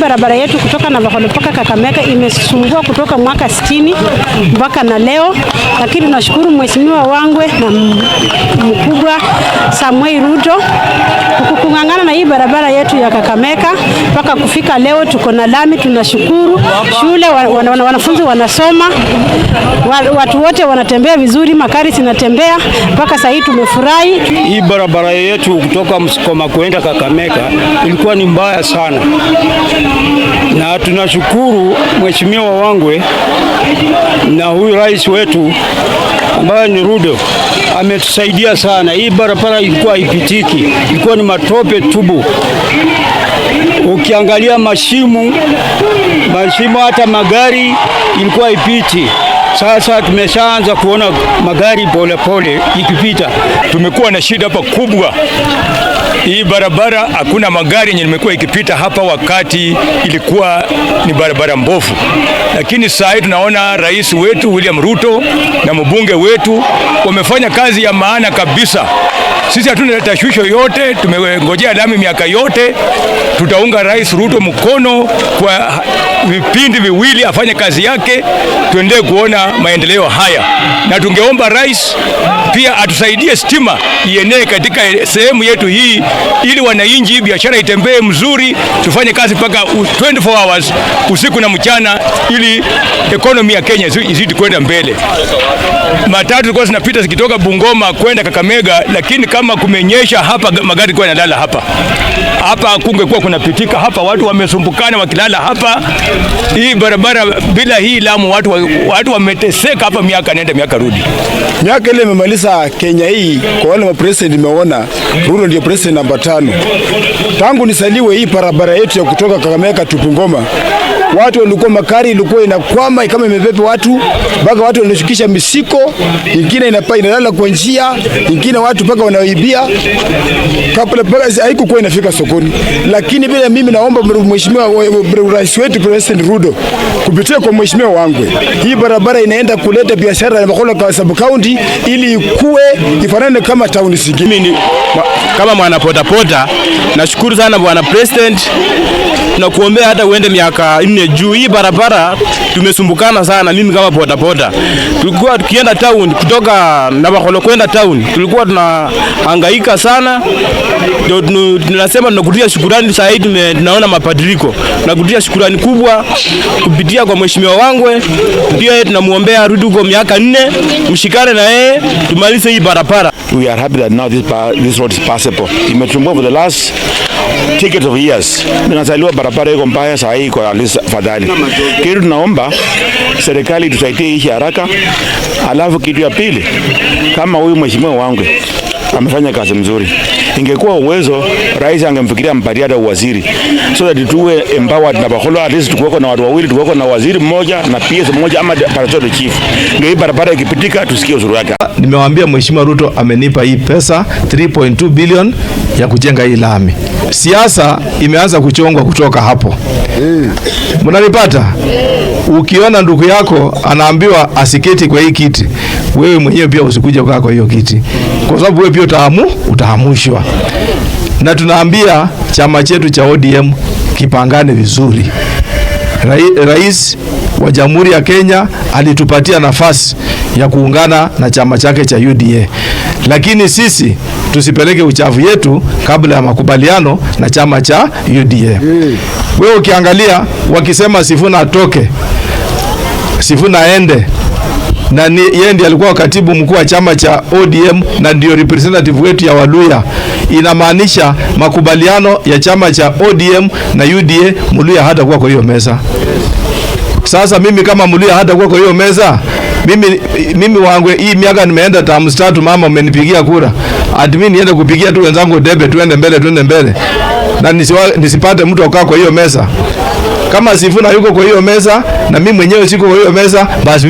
barabara yetu kutoka Navakholo mpaka Kakamega imesumbua kutoka mwaka sitini mpaka na leo, lakini nashukuru mheshimiwa Wangwe na mkuu Mheshimiwa Samuel Ruto kukung'ang'ana na hii barabara yetu ya Kakamega mpaka kufika leo tuko na lami. Tunashukuru shule wan, wan, wan, wanafunzi wanasoma wa, watu wote wanatembea vizuri, makari zinatembea mpaka sahii tumefurahi. Hii barabara yetu kutoka msikoma kuenda Kakamega ilikuwa ni mbaya sana, na tunashukuru Mheshimiwa Wangwe na huyu rais wetu ambaye ni Ruto ametusaidia sana. Hii barabara ilikuwa haipitiki, ilikuwa ni matope tubu. Ukiangalia mashimo mashimo, hata magari ilikuwa haipiti. Sasa tumeshaanza kuona magari polepole ikipita. Tumekuwa na shida hapa kubwa hii barabara hakuna magari yenye nimekuwa ikipita hapa, wakati ilikuwa ni barabara mbovu, lakini saa hii tunaona rais wetu William Ruto na mbunge wetu wamefanya kazi ya maana kabisa. Sisi hatuna tashwisho yote, tumengojea lami miaka yote. Tutaunga Rais Ruto mkono kwa vipindi viwili, afanye kazi yake, tuendelee kuona maendeleo haya, na tungeomba rais pia atusaidie stima ienee katika sehemu yetu hii ili wananchi, biashara itembee mzuri, tufanye kazi mpaka 24 hours usiku na mchana, ili economy ya Kenya izidi kwenda mbele. Matatu zilikuwa zinapita zikitoka Bungoma kwenda Kakamega, lakini kama kumenyesha hapa, magari kwa yanalala hapa hapa, kungekuwa kunapitika hapa, watu wamesumbukana wakilala hapa. Hii barabara bila hii Lamu, watu watu wameteseka hapa, miaka nenda miaka rudi, miaka ile imemaliza Kenya hii. Kwa wale ma president nimeona Ruto ndio president namba tano. Tangu nisaliwe hii barabara yetu ya kutoka Kakamega Tupungoma, watu walikuwa makari ilikuwa inakwama kama imebeba watu, mpaka watu wanashukisha misiko ingine inapa inalala kwa njia ingine, watu mpaka wanaibia kabla mpaka haikukuwa inafika sokoni. Lakini bila mimi, naomba mheshimiwa rais wetu President Ruto kupitia kwa mheshimiwa wangu, hii barabara inaenda kuleta biashara ya Makolo kwa sababu kaunti ili ikue ifanane kama tauni zingine kama mwana potapota. Nashukuru sana bwana president na kuombea hata uende miaka nne juu hii barabara tumesumbukana sana. Mimi kama potapota, tulikuwa tukienda town kutoka Navakholo kwenda town, tulikuwa tunahangaika sana ndio tunasema tunakutia shukurani. Saa hii tunaona mabadiliko, tunakutia shukurani kubwa kupitia kwa mheshimiwa Wangwe. Ndio yeye tunamuombea rudi huko miaka nne, mshikane na yeye tumalize hii barabara. We are happy that now this, this road is passable. Imetumbua for the last ticket of years. Ninazaliwa barabara iko mbaya saa hii kwa fadhali. Kitu tunaomba serikali tusaidie hii haraka. Alafu kitu ya pili kama huyu mheshimiwa Wangwe amefanya kazi mzuri. Ingekuwa uwezo, rais angemfikiria mpatie hata uwaziri, so that tuwe empowered na Bakolo, at least tuweko na watu wawili, tuweko na waziri mmoja na PS mmoja ama parachute chief, ndio hii barabara ikipitika tusikie uzuri wake. Nimewaambia Mheshimiwa Ruto amenipa hii pesa 3.2 billion ya kujenga hii lami. Siasa imeanza kuchongwa kutoka hapo, mnanipata? ukiona ndugu yako anaambiwa asiketi kwa hii kiti, wewe mwenyewe pia usikuje kwa hiyo kiti, kwa sababu wewe pia utahamu utahamushwa. Na tunaambia chama chetu cha ODM kipangane vizuri. Rais wa Jamhuri ya Kenya alitupatia nafasi ya kuungana na chama chake cha UDA lakini sisi tusipeleke uchafu yetu kabla ya makubaliano na chama cha UDA. Hmm. Wewe ukiangalia wakisema Sifuna atoke, Sifuna aende na ni yeye ndiye alikuwa katibu mkuu wa chama cha ODM na ndio representative wetu ya Waluya. Inamaanisha makubaliano ya chama cha ODM na UDA, Mluya hata kuwa kwa hiyo meza. Sasa mimi kama Mluya hata kuwa kwa hiyo meza mimi, mimi wangu hii miaka nimeenda tamu tatu, mama umenipigia kura, ati mimi niende kupigia tu wenzangu debe, tuende mbele, tuende mbele na nisiwa, nisipate mtu akaa kwa hiyo meza. Kama Sifuna yuko kwa hiyo meza na mimi mwenyewe siko kwa hiyo meza, basi